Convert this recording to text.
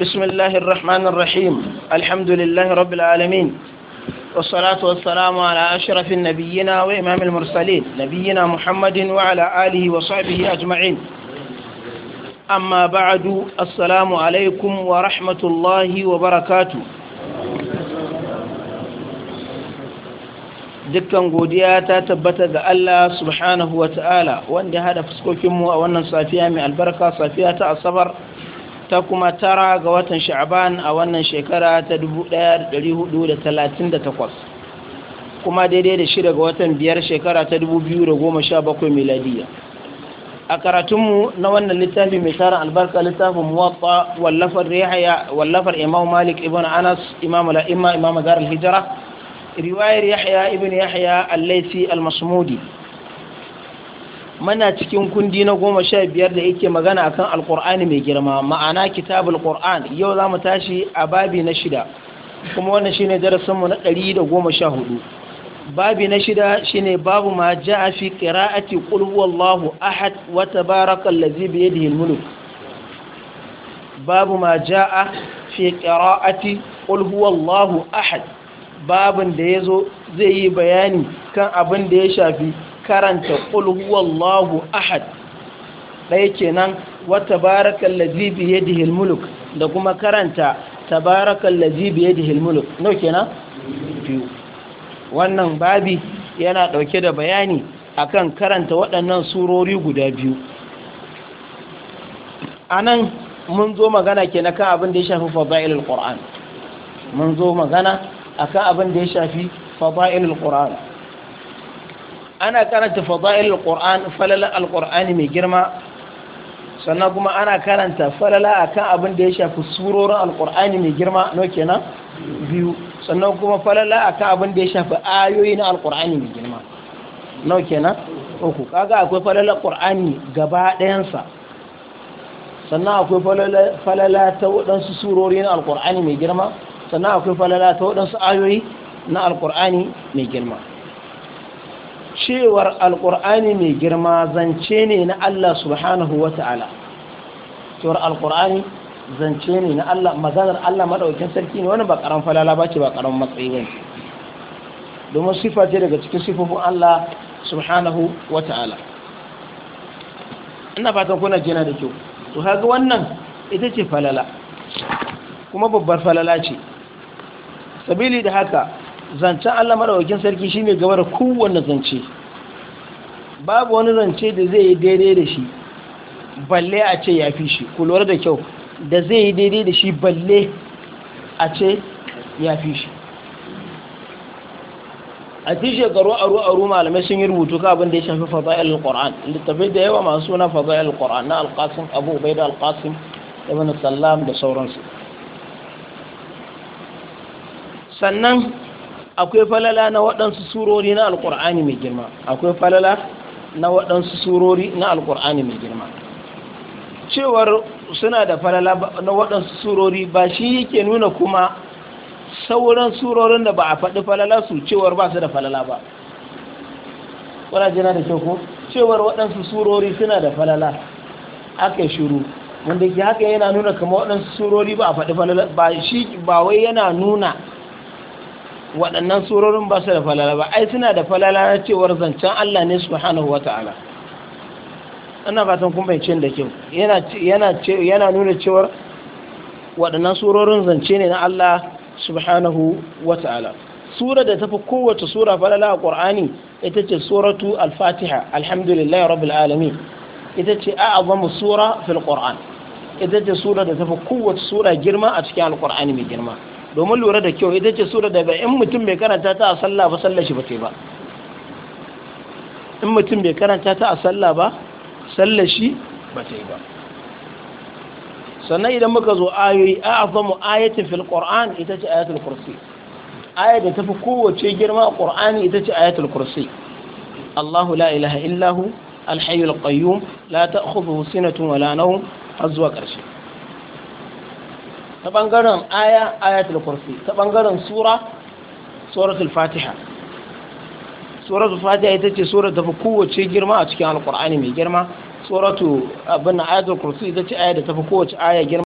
بسم الله الرحمن الرحيم الحمد لله رب العالمين والصلاة والسلام على أشرف النبيين وإمام المرسلين نبينا محمد وعلى آله وصحبه أجمعين أما بعد السلام عليكم ورحمة الله وبركاته dukkan godiya ta tabbata ga Allah subhanahu wa ta'ala wanda hada fuskokinmu a wannan safiya mai albarka safiya ta asabar ta kuma tara ga watan sha'aban a wannan shekara ta 1438 kuma daidai da shida ga watan biyar shekara ta 2017 miladiya a karatunmu na wannan littafi mai tara albarka littafin muwatsa wallafar rihaya wallafar imam malik ibn anas imam al'imma imam zarar hijira riwayar yahya ibn yahya al-laisi al-masmudi Muna cikin kundi na goma sha biyar da yake magana akan alkur'ani mai girma ma'ana kitabul qur'an yau za mu tashi a babi na shida kuma wannan shine mu na ɗari da goma sha hudu babi na shida shine babu ma ja'a fi qira'ati qul huwallahu ahad wa tabarakal ya biye da mulk babu ma ja'a fi qira'ati qul huwallahu ahad babin da ya zo zai yi bayani kan abin da ya shafi karanta qul huwallahu ahad ɗaya kenan wa tabarakal ladzi bi yadihi almuluk da kuma karanta tabarakal ladzi bi yadihi almuluk no kenan biyu wannan babi yana dauke da bayani akan karanta waɗannan surori guda biyu anan mun zo magana ke na kan abin da ya shafi fadail alquran mun zo magana akan abin da ya shafi fadail alquran ana karanta fada'il alquran falala alqur'ani mai girma sannan kuma ana karanta falala akan abin da ya shafi surorin alqur'ani mai girma no kenan biyu sannan kuma falala akan abin da ya shafi ayoyi na alqur'ani mai girma no kenan uku kaga akwai falala qur'ani gaba ɗayansa sannan akwai falala ta waɗansu surori na alqur'ani mai girma sannan akwai falala ta waɗansu ayoyi na alqur'ani mai girma cewar alƙur'ani mai girma zance ne na Allah subhanahu wa ta'ala cewar alƙur'ani zance ne na Allah maganar Allah maɗaukin sarki ne wani ba ƙaran falala ba ce ba ƙaran matsayi ba domin sifa ce daga cikin sifofin Allah subhanahu wa ta'ala ina fatan kuna jina da kyau to kaga wannan ita ce falala kuma babbar falala ce sabili da haka zancen Allah madaukakin sarki ne gaba da kowane zance babu wani zance da zai yi daidai da shi balle a ce ya fi shi kulwar da kyau da zai yi daidai da shi balle a ce ya fi shi a fi shekaru aru aru malamai sun yi rubutu ka abin da ya shafi fada'il qur'an littafai da yawa masu suna fada'il qur'an na al-qasim abu ubaida da ibn sallam da sauransu sannan akwai falala na waɗansu surori na alƙur'ani mai girma akwai falala na waɗansu surori na alƙur'ani mai girma cewar suna da falala na waɗansu surori ba shi yake nuna kuma sauran surorin da ba a faɗi falala su cewar ba su da falala ba jina da kyau ko cewar waɗansu surori suna da falala aka yi shiru wanda ke haka yana nuna kama waɗansu surori ba a faɗi falala ba shi ba wai yana nuna waɗannan surorin ba su da falala ba ai suna da falala na cewar zancen Allah ne subhanahu wata'ala ana fatan kun bayyance da kyau yana yana nuna cewar waɗannan surorin zance ne na Allah subhanahu wata'ala sura da tafi kowace sura falala a Qur'ani ita ce suratu al-Fatiha alhamdulillahi rabbil alamin ita ce a'zamu sura fil Qur'an ita ce sura da tafi kowace sura girma a cikin al-Qur'ani mai girma domin lura da kyau ita ce sura daga in mutum bai karanta ta a sallah ba sallah shi ba ce ba in mutum bai karanta ta a sallah ba sallar shi ba ce ba sannan idan muka zo ayoyi a azamu ayatin fil qur'an ita ce ayatul kursi ayat da tafi kowace girma a qur'ani ita ce ayatul kursi Allahu la ilaha illahu qayyum la لا sinatun wa la nawm azwa كرشي ta bangaren aya ayatul kursi ta bangaren sura suratul fatiha suratul fatiha ita ce sura da kowace girma a cikin alkur'ani mai girma suratu abin ayatul kursi ita ce aya da tafi kowace aya girma